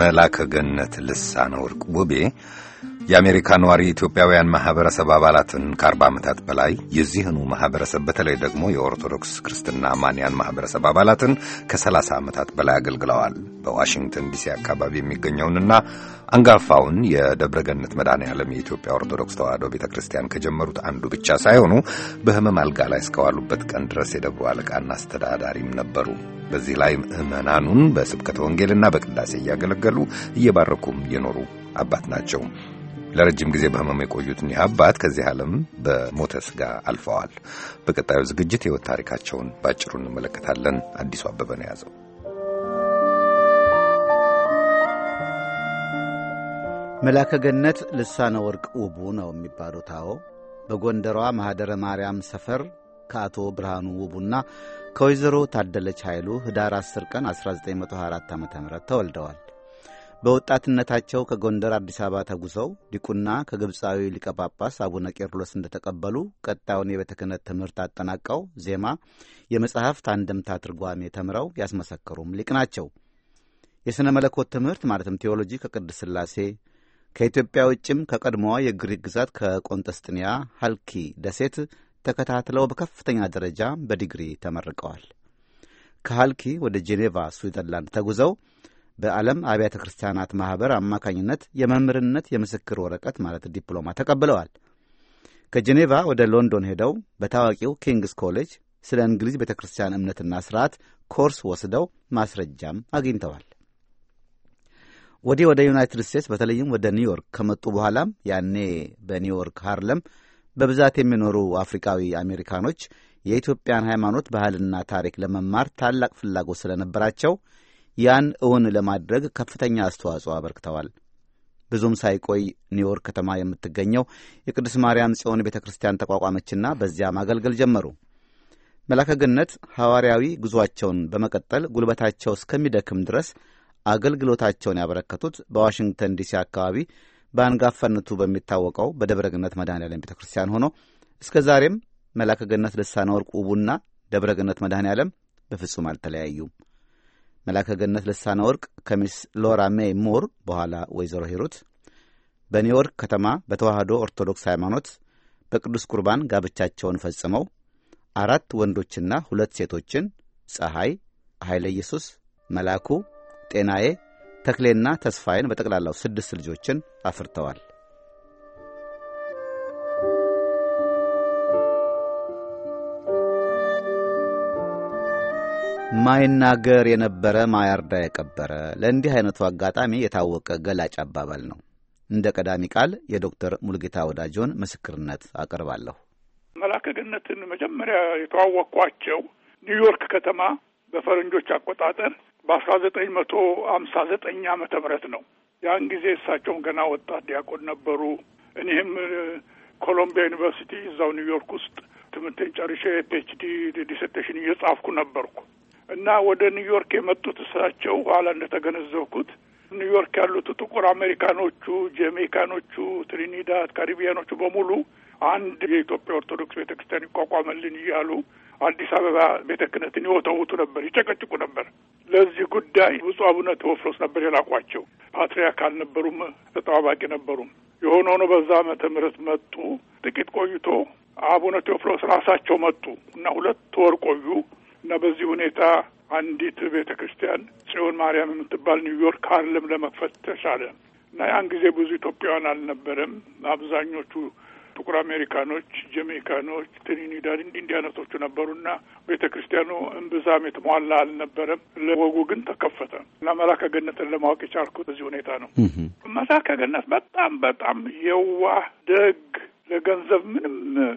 መላከ ገነት ልሳነ ወርቅ ውቤ የአሜሪካ ነዋሪ ኢትዮጵያውያን ማህበረሰብ አባላትን ከአርባ ዓመታት በላይ የዚህኑ ማህበረሰብ በተለይ ደግሞ የኦርቶዶክስ ክርስትና ማንያን ማህበረሰብ አባላትን ከሰላሳ ዓመታት በላይ አገልግለዋል። በዋሽንግተን ዲሲ አካባቢ የሚገኘውንና አንጋፋውን የደብረገነት ገነት መድኃኔ ዓለም የኢትዮጵያ ኦርቶዶክስ ተዋህዶ ቤተ ክርስቲያን ከጀመሩት አንዱ ብቻ ሳይሆኑ በህመም አልጋ ላይ እስከዋሉበት ቀን ድረስ የደብሩ አለቃና አስተዳዳሪም ነበሩ። በዚህ ላይ ምዕመናኑን በስብከተ ወንጌልና በቅዳሴ እያገለገሉ እየባረኩም የኖሩ አባት ናቸው። ለረጅም ጊዜ በህመም የቆዩት እኒህ አባት ከዚህ ዓለም በሞተ ስጋ አልፈዋል። በቀጣዩ ዝግጅት የህይወት ታሪካቸውን ባጭሩ እንመለከታለን። አዲሱ አበበ ነው የያዘው። መላከ ገነት ልሳነ ወርቅ ውቡ ነው የሚባሉት። አዎ በጎንደሯ ማኅደረ ማርያም ሰፈር ከአቶ ብርሃኑ ውቡና ከወይዘሮ ታደለች ኃይሉ ህዳር 10 ቀን 1924 ዓ ም ተወልደዋል። በወጣትነታቸው ከጎንደር አዲስ አበባ ተጉዘው ዲቁና ከግብፃዊ ሊቀ ጳጳስ አቡነ ቄርሎስ እንደተቀበሉ ቀጣዩን የቤተ ክህነት ትምህርት አጠናቀው ዜማ፣ የመጽሐፍት አንድምታ ትርጓሜ ተምረው ያስመሰከሩም ሊቅ ናቸው። የሥነ መለኮት ትምህርት ማለትም ቴዎሎጂ ከቅድስት ሥላሴ ከኢትዮጵያ ውጭም ከቀድሞዋ የግሪክ ግዛት ከቆንጠስጥንያ ሀልኪ ደሴት ተከታትለው በከፍተኛ ደረጃ በዲግሪ ተመርቀዋል። ከሀልኪ ወደ ጄኔቫ ስዊዘርላንድ ተጉዘው በዓለም አብያተ ክርስቲያናት ማኅበር አማካኝነት የመምህርነት የምስክር ወረቀት ማለት ዲፕሎማ ተቀብለዋል። ከጄኔቫ ወደ ሎንዶን ሄደው በታዋቂው ኪንግስ ኮሌጅ ስለ እንግሊዝ ቤተ ክርስቲያን እምነትና ስርዓት ኮርስ ወስደው ማስረጃም አግኝተዋል። ወዲህ ወደ ዩናይትድ ስቴትስ በተለይም ወደ ኒውዮርክ ከመጡ በኋላም ያኔ በኒውዮርክ ሃርለም በብዛት የሚኖሩ አፍሪካዊ አሜሪካኖች የኢትዮጵያን ሃይማኖት ባህልና ታሪክ ለመማር ታላቅ ፍላጎት ስለነበራቸው ያን እውን ለማድረግ ከፍተኛ አስተዋጽኦ አበርክተዋል። ብዙም ሳይቆይ ኒውዮርክ ከተማ የምትገኘው የቅዱስ ማርያም ጽዮን ቤተ ክርስቲያን ተቋቋመችና በዚያ ማገልገል ጀመሩ። መላከግነት ሐዋርያዊ ጉዞአቸውን በመቀጠል ጉልበታቸው እስከሚደክም ድረስ አገልግሎታቸውን ያበረከቱት በዋሽንግተን ዲሲ አካባቢ በአንጋፋነቱ በሚታወቀው በደብረ ገነት መድኃኔዓለም ቤተ ክርስቲያን ሆኖ እስከ ዛሬም መላከ ገነት ልሳነ ወርቅ ውቡና ደብረ ገነት መድኃኔዓለም በፍጹም አልተለያዩም። መላከገነት ልሳነ ወርቅ ከሚስ ሎራ ሜይ ሙር በኋላ ወይዘሮ ሂሩት በኒውዮርክ ከተማ በተዋህዶ ኦርቶዶክስ ሃይማኖት በቅዱስ ቁርባን ጋብቻቸውን ፈጽመው አራት ወንዶችና ሁለት ሴቶችን ፀሐይ፣ ኃይለ ኢየሱስ፣ መላኩ፣ ጤናዬ፣ ተክሌና ተስፋዬን በጠቅላላው ስድስት ልጆችን አፍርተዋል። ማይናገር የነበረ ማያርዳ የቀበረ ለእንዲህ አይነቱ አጋጣሚ የታወቀ ገላጭ አባባል ነው። እንደ ቀዳሚ ቃል የዶክተር ሙልጌታ ወዳጆን ምስክርነት አቀርባለሁ። መላከ ገነትን መጀመሪያ የተዋወቅኳቸው ኒውዮርክ ከተማ በፈረንጆች አቆጣጠር በአስራ ዘጠኝ መቶ አምሳ ዘጠኝ አመተ ምህረት ነው። ያን ጊዜ እሳቸውም ገና ወጣት ዲያቆን ነበሩ። እኔም ኮሎምቢያ ዩኒቨርሲቲ እዛው ኒውዮርክ ውስጥ ትምህርቴን ጨርሼ ፒኤችዲ ዲሰርቴሽን እየጻፍኩ ነበርኩ። እና ወደ ኒውዮርክ የመጡት እሳቸው ኋላ እንደተገነዘብኩት ኒውዮርክ ያሉት ጥቁር አሜሪካኖቹ፣ ጀሜካኖቹ ትሪኒዳት ካሪቢያኖቹ በሙሉ አንድ የኢትዮጵያ ኦርቶዶክስ ቤተ ክርስቲያን ይቋቋመልን እያሉ አዲስ አበባ ቤተ ክህነትን ይወተውቱ ነበር፣ ይጨቀጭቁ ነበር። ለዚህ ጉዳይ ብፁዕ አቡነ ቴዎፍሎስ ነበር የላኳቸው። ፓትርያርክ አልነበሩም፣ ተጠባባቂ ነበሩም። የሆነ ሆኖ በዛ ዓመተ ምህረት መጡ። ጥቂት ቆይቶ አቡነ ቴዎፍሎስ ራሳቸው መጡ እና ሁለት ወር ቆዩ። እና በዚህ ሁኔታ አንዲት ቤተ ክርስቲያን ጽዮን ማርያም የምትባል ኒውዮርክ ሃርለም ለመክፈት ተቻለ እና ያን ጊዜ ብዙ ኢትዮጵያውያን አልነበረም። አብዛኞቹ ጥቁር አሜሪካኖች፣ ጀሜካኖች፣ ትሪኒዳድ እንዲህ እንዲህ አይነቶቹ ነበሩና ቤተ ክርስቲያኑ እምብዛም የተሟላ አልነበረም። ለወጉ ግን ተከፈተ እና መላከ ገነትን ለማወቅ የቻልኩት በዚህ ሁኔታ ነው። መላከ ገነት በጣም በጣም የዋህ ደግ፣ ለገንዘብ ምንም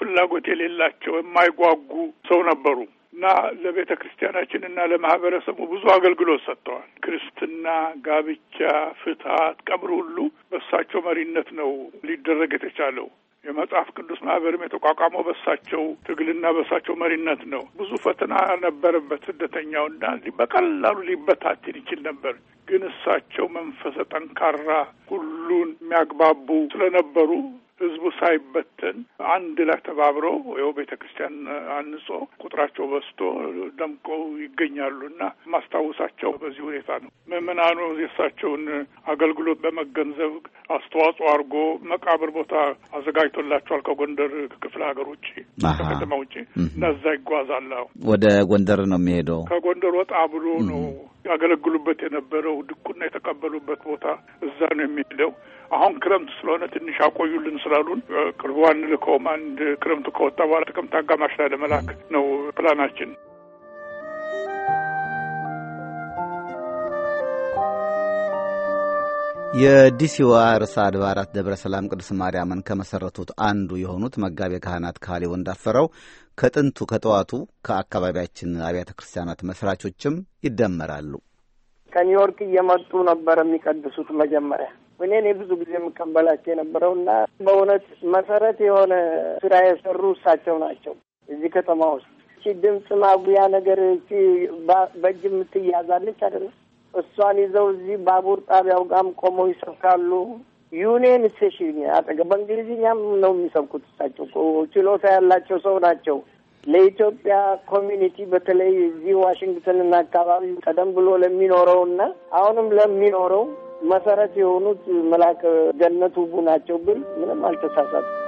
ፍላጎት የሌላቸው የማይጓጉ ሰው ነበሩ። እና ለቤተ ክርስቲያናችን እና ለማህበረሰቡ ብዙ አገልግሎት ሰጥተዋል። ክርስትና፣ ጋብቻ፣ ፍትሀት፣ ቀብር ሁሉ በሳቸው መሪነት ነው ሊደረግ የተቻለው። የመጽሐፍ ቅዱስ ማህበርም የተቋቋመው በሳቸው ትግልና በሳቸው መሪነት ነው። ብዙ ፈተና ነበረበት ስደተኛውና በቀላሉ ሊበታትን ይችል ነበር፣ ግን እሳቸው መንፈሰ ጠንካራ ሁሉን የሚያግባቡ ስለነበሩ ህዝቡ ሳይበተን አንድ ላይ ተባብሮ ይኸው ቤተ ክርስቲያን አንጾ ቁጥራቸው በዝቶ ደምቆ ይገኛሉ እና ማስታወሳቸው በዚህ ሁኔታ ነው። ምዕመናኑ የእሳቸውን አገልግሎት በመገንዘብ አስተዋጽኦ አድርጎ መቃብር ቦታ አዘጋጅቶላቸዋል። ከጎንደር ክፍለ ሀገር ውጭ ከከተማ ውጭ እነዛ ይጓዛል። ወደ ጎንደር ነው የሚሄደው። ከጎንደር ወጣ ብሎ ነው ያገለግሉበት የነበረው ድቁና የተቀበሉበት ቦታ እዛ ነው የሚሄደው። አሁን ክረምት ስለሆነ ትንሽ አቆዩልን ስላሉን ቅርቡ አንልከውም። አንድ ክረምቱ ከወጣ በኋላ ጥቅምት አጋማሽ ላይ ለመላክ ነው ፕላናችን። የዲሲዋ ርዕሰ አድባራት ደብረ ሰላም ቅዱስ ማርያምን ከመሠረቱት አንዱ የሆኑት መጋቤ ካህናት ካሌ ወንዳፈራው ከጥንቱ ከጠዋቱ ከአካባቢያችን አብያተ ክርስቲያናት መስራቾችም ይደመራሉ። ከኒውዮርክ እየመጡ ነበር የሚቀድሱት መጀመሪያ እኔ እኔ ብዙ ጊዜ የምቀበላቸው የነበረው እና በእውነት መሰረት የሆነ ስራ የሰሩ እሳቸው ናቸው። እዚህ ከተማ ውስጥ እቺ ድምፅ ማጉያ ነገር በእጅ የምትያዛለች አይደለም። እሷን ይዘው እዚህ ባቡር ጣቢያው ጋም ቆመው ይሰብካሉ። ዩኒየን ስቴሽን አጠገብ በእንግሊዝኛም ነው የሚሰብኩት። እሳቸው ችሎታ ያላቸው ሰው ናቸው። ለኢትዮጵያ ኮሚኒቲ በተለይ እዚህ ዋሽንግተንና አካባቢ ቀደም ብሎ ለሚኖረው እና አሁንም ለሚኖረው መሰረት የሆኑት መልአከ ገነት ውቡ ናቸው ብል ምንም አልተሳሳትኩም።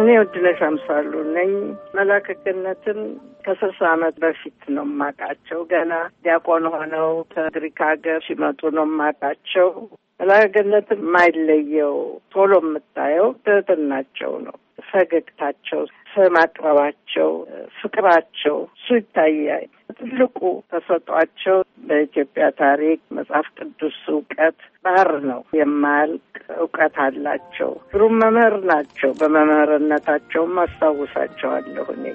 እኔ ወድነሽ አምሳሉ ነኝ። መልአከ ገነትን ከስልሳ አመት በፊት ነው የማውቃቸው። ገና ዲያቆን ሆነው ከግሪክ ሀገር ሲመጡ ነው የማውቃቸው። መልአከ ገነትን የማይለየው ቶሎ የምታየው ትህትናቸው ነው፣ ፈገግታቸው፣ ስም አቅረባቸው፣ ፍቅራቸው እሱ ይታያል። ትልቁ ተሰጧቸው በኢትዮጵያ ታሪክ መጽሐፍ ቅዱስ እውቀት ባህር ነው የማያልቅ እውቀት አላቸው። ግሩም መምህር ናቸው። በመምህርነታቸውም አስታውሳቸዋለሁ እኔ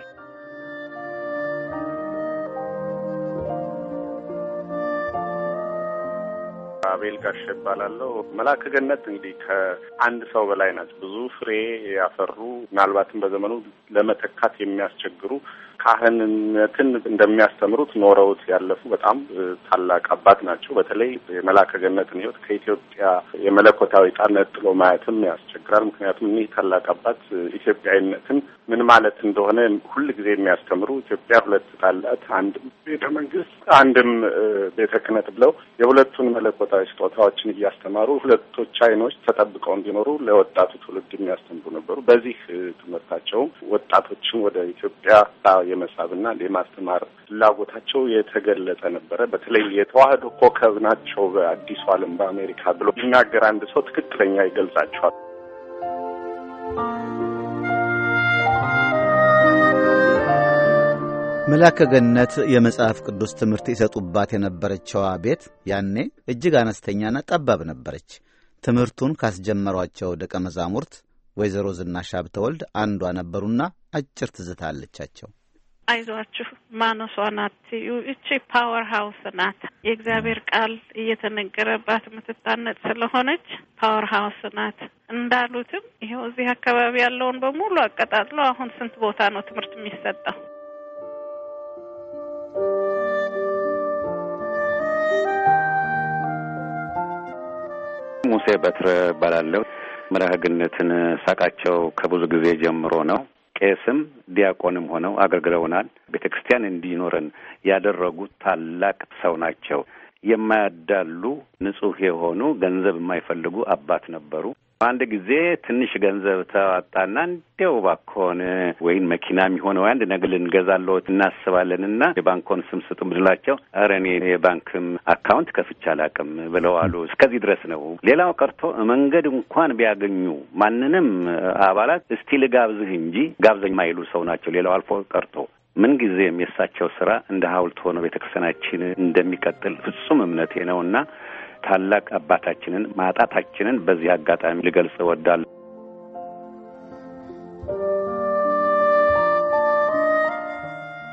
አቤል ጋሽ ይባላለሁ። መላከ ገነት እንግዲህ ከአንድ ሰው በላይ ናቸው። ብዙ ፍሬ ያፈሩ ምናልባትም በዘመኑ ለመተካት የሚያስቸግሩ ካህንነትን እንደሚያስተምሩት ኖረውት ያለፉ በጣም ታላቅ አባት ናቸው። በተለይ የመላከ ገነትን ሕይወት ከኢትዮጵያ የመለኮታዊ ጣር ነጥሎ ማየትም ያስቸግራል። ምክንያቱም እኒህ ታላቅ አባት ኢትዮጵያዊነትን ምን ማለት እንደሆነ ሁል ጊዜ የሚያስተምሩ ኢትዮጵያ ሁለት ጣላት፣ አንድም ቤተ መንግስት፣ አንድም ቤተ ክህነት ብለው የሁለቱን መለኮታዊ ስጦታዎችን እያስተማሩ ሁለቶች አይኖች ተጠብቀው እንዲኖሩ ለወጣቱ ትውልድ የሚያስተምሩ ነበሩ። በዚህ ትምህርታቸውም ወጣቶችን ወደ ኢትዮጵያ የመሳብና የማስተማር ፍላጎታቸው የተገለጸ ነበረ። በተለይ የተዋህዶ ኮከብ ናቸው በአዲሱ ዓለም በአሜሪካ ብሎ ቢናገር አንድ ሰው ትክክለኛ ይገልጻቸዋል። መላከ ገነት የመጽሐፍ ቅዱስ ትምህርት ይሰጡባት የነበረችዋ ቤት ያኔ እጅግ አነስተኛና ጠባብ ነበረች። ትምህርቱን ካስጀመሯቸው ደቀ መዛሙርት ወይዘሮ ዝናሽ ሀብተወልድ አንዷ ነበሩና አጭር ትዝታ አለቻቸው። አይዟችሁ ማነሷ ናት። እቺ ፓወር ሀውስ ናት። የእግዚአብሔር ቃል እየተነገረባት የምትታነጥ ስለሆነች ፓወር ሀውስ ናት። እንዳሉትም ይኸው እዚህ አካባቢ ያለውን በሙሉ አቀጣጥሎ አሁን ስንት ቦታ ነው ትምህርት የሚሰጠው? ሙሴ በትረ እባላለሁ። መርሃ ሳቃቸው ከብዙ ጊዜ ጀምሮ ነው ቄስም ዲያቆንም ሆነው አገልግለውናል። ቤተ ክርስቲያን እንዲኖረን ያደረጉት ታላቅ ሰው ናቸው። የማያዳሉ ንጹህ የሆኑ ገንዘብ የማይፈልጉ አባት ነበሩ። በአንድ ጊዜ ትንሽ ገንዘብ ተዋጣና እንዲያው ባኮን ወይን መኪና የሚሆነው አንድ ነገር ልንገዛለት እናስባለን እና የባንኮን ስም ስጡ ብንላቸው ኧረ እኔ የባንክም አካውንት ከፍቼ አላውቅም ብለው አሉ። እስከዚህ ድረስ ነው። ሌላው ቀርቶ መንገድ እንኳን ቢያገኙ ማንንም አባላት እስቲ ልጋብዝህ እንጂ ጋብዘኝ ማይሉ ሰው ናቸው። ሌላው አልፎ ቀርቶ ምንጊዜም የእሳቸው ስራ እንደ ሀውልት ሆኖ ቤተክርስቲያናችን እንደሚቀጥል ፍጹም እምነቴ ነው እና ታላቅ አባታችንን ማጣታችንን በዚህ አጋጣሚ ልገልጽ እወዳለሁ።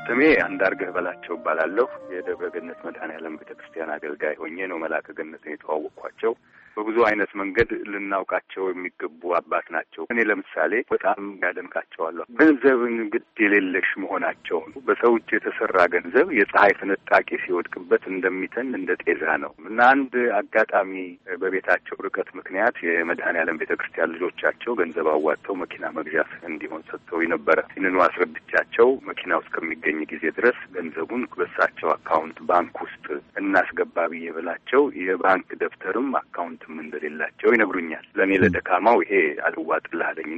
ስሜ አንዳርግህ በላቸው እባላለሁ። የደብረ ገነት መድኃኔ ዓለም ቤተ ክርስቲያን አገልጋይ ሆኜ ነው መልአከ ገነትን የተዋወቅኳቸው። በብዙ አይነት መንገድ ልናውቃቸው የሚገቡ አባት ናቸው። እኔ ለምሳሌ በጣም ያደንቃቸዋለሁ። ገንዘብን ግድ የሌለሽ መሆናቸውን በሰው እጅ የተሰራ ገንዘብ የፀሐይ ፍንጣቂ ሲወድቅበት እንደሚተን እንደ ጤዛ ነው እና አንድ አጋጣሚ በቤታቸው ርቀት ምክንያት የመድኃኔዓለም ቤተ ክርስቲያን ልጆቻቸው ገንዘብ አዋጥተው መኪና መግዣት እንዲሆን ሰጥተው ነበረ። ይህንኑ አስረድቻቸው መኪና ውስጥ ከሚገኝ ጊዜ ድረስ ገንዘቡን በሳቸው አካውንት ባንክ ውስጥ እናስገባ ብዬ ብላቸው የባንክ ደብተርም አካውንት እውቀትም እንደሌላቸው ይነግሩኛል። ለእኔ ለደካማው ይሄ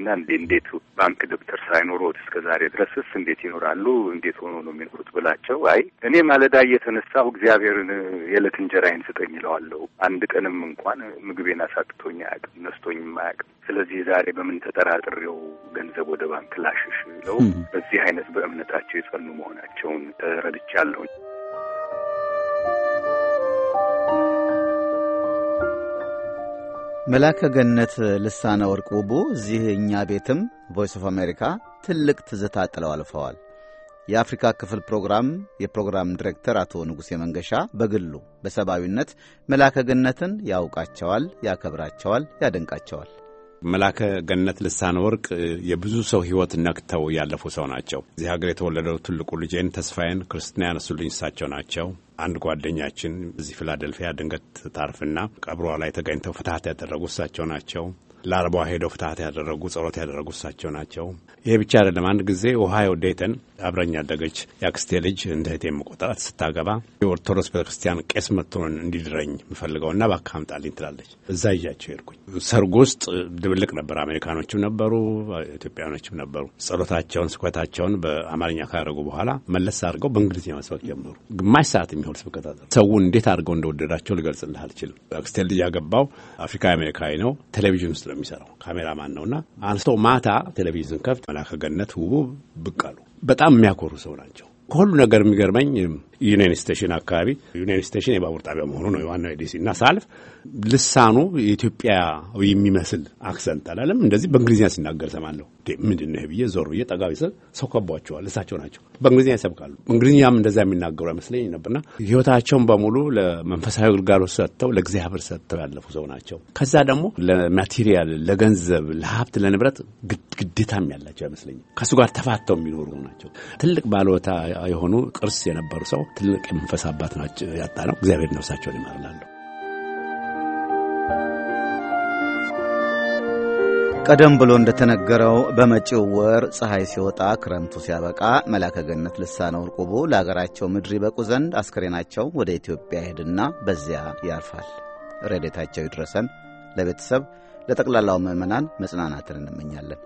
እና እንዴ እንዴት ባንክ ደብተር ሳይኖሮት እስከ ዛሬ ድረስስ እንዴት ይኖራሉ? እንዴት ሆኖ ነው የሚኖሩት? ብላቸው አይ እኔ ማለዳ እየተነሳሁ እግዚአብሔርን የዕለት እንጀራዬን ስጠኝ ይለዋለሁ። አንድ ቀንም እንኳን ምግቤን አሳጥቶኝ አያውቅም፣ ነስቶኝ አያውቅም። ስለዚህ ዛሬ በምን ተጠራጥሬው ገንዘብ ወደ ባንክ ላሽሽ? ለው በዚህ አይነት በእምነታቸው የጸኑ መሆናቸውን ተረድቻለሁኝ። መላከ ገነት ልሳነ ወርቅ ውቡ እዚህ እኛ ቤትም ቮይስ ኦፍ አሜሪካ ትልቅ ትዝታ ጥለው አልፈዋል። የአፍሪካ ክፍል ፕሮግራም የፕሮግራም ዲሬክተር አቶ ንጉሴ መንገሻ በግሉ በሰብአዊነት መላከ ገነትን ያውቃቸዋል፣ ያከብራቸዋል፣ ያደንቃቸዋል። መላከ ገነት ልሳን ወርቅ የብዙ ሰው ህይወት ነክተው ያለፉ ሰው ናቸው። እዚህ ሀገር የተወለደው ትልቁ ልጄን ተስፋዬን ክርስትና ያነሱልኝ እሳቸው ናቸው። አንድ ጓደኛችን እዚህ ፊላደልፊያ ድንገት ታርፍና ቀብሯ ላይ ተገኝተው ፍትሀት ያደረጉ እሳቸው ናቸው። ለአርቧ ሄደው ፍትሀት ያደረጉ ጸሎት ያደረጉ እሳቸው ናቸው። ይሄ ብቻ አይደለም። አንድ ጊዜ ኦሃዮ ዴተን አብረኝ ያደገች የአክስቴ ልጅ እንደ እህቴ መቆጠራት ስታገባ የኦርቶዶክስ ቤተክርስቲያን ቄስ መጥቶን እንዲድረኝ የምፈልገው እና እባክህ አምጣልኝ ትላለች። እዛ ይዣቸው ሄድኩኝ። ሰርጉ ውስጥ ድብልቅ ነበር። አሜሪካኖችም ነበሩ፣ ኢትዮጵያኖችም ነበሩ። ጸሎታቸውን፣ ስብከታቸውን በአማርኛ ካደረጉ በኋላ መለስ አድርገው በእንግሊዝኛ መስበክ ጀመሩ። ግማሽ ሰዓት የሚሆን ስብከት ሰው እንዴት አድርገው እንደወደዳቸው ልገልጽልህ አልችልም። አክስቴ ልጅ ያገባው አፍሪካ አሜሪካዊ ነው። ቴሌቪዥን ውስጥ ነው የሚሰራው፣ ካሜራማን ነውና አንስቶ ማታ ቴሌቪዥን ስንከፍት መላከ ገነት ውቡ ብቅ አሉ። በጣም የሚያኮሩ ሰው ናቸው። ከሁሉ ነገር የሚገርመኝ ዩኒየን ስቴሽን አካባቢ ዩኒየን ስቴሽን የባቡር ጣቢያ መሆኑ ነው ዋናው የዲሲ እና ሳልፍ ልሳኑ የኢትዮጵያ የሚመስል አክሰንት አላለም። እንደዚህ በእንግሊዝኛ ሲናገር ሰማለሁ። ምንድን ነው ብዬ ዞር ብዬ ጠጋቢ ስል ሰው ከቧቸዋል። እሳቸው ናቸው በእንግሊዝኛ ይሰብካሉ። እንግሊዝኛም እንደዚያ የሚናገሩ አይመስለኝ ነበርና ህይወታቸውን በሙሉ ለመንፈሳዊ ግልጋሎት ሰጥተው ለእግዚአብሔር ሰጥተው ያለፉ ሰው ናቸው። ከዛ ደግሞ ለማቴሪያል፣ ለገንዘብ፣ ለሀብት፣ ለንብረት ግዴታም ያላቸው አይመስለኝም። ከእሱ ጋር ተፋተው የሚኖሩ ናቸው። ትልቅ ባለወታ የሆኑ ቅርስ የነበሩ ሰው ትልቅ የመንፈስ አባት ናቸው ያጣ ነው። እግዚአብሔር ነፍሳቸውን ይማርላለሁ። ቀደም ብሎ እንደተነገረው በመጪው ወር ፀሐይ ሲወጣ ክረምቱ ሲያበቃ መላከ ገነት ልሳነ ወርቅ ለአገራቸው ምድር ይበቁ ዘንድ አስክሬናቸው ወደ ኢትዮጵያ ይሄድና በዚያ ያርፋል። ረዴታቸው ይድረሰን። ለቤተሰብ ለጠቅላላው ምዕመናን መጽናናትን እንመኛለን።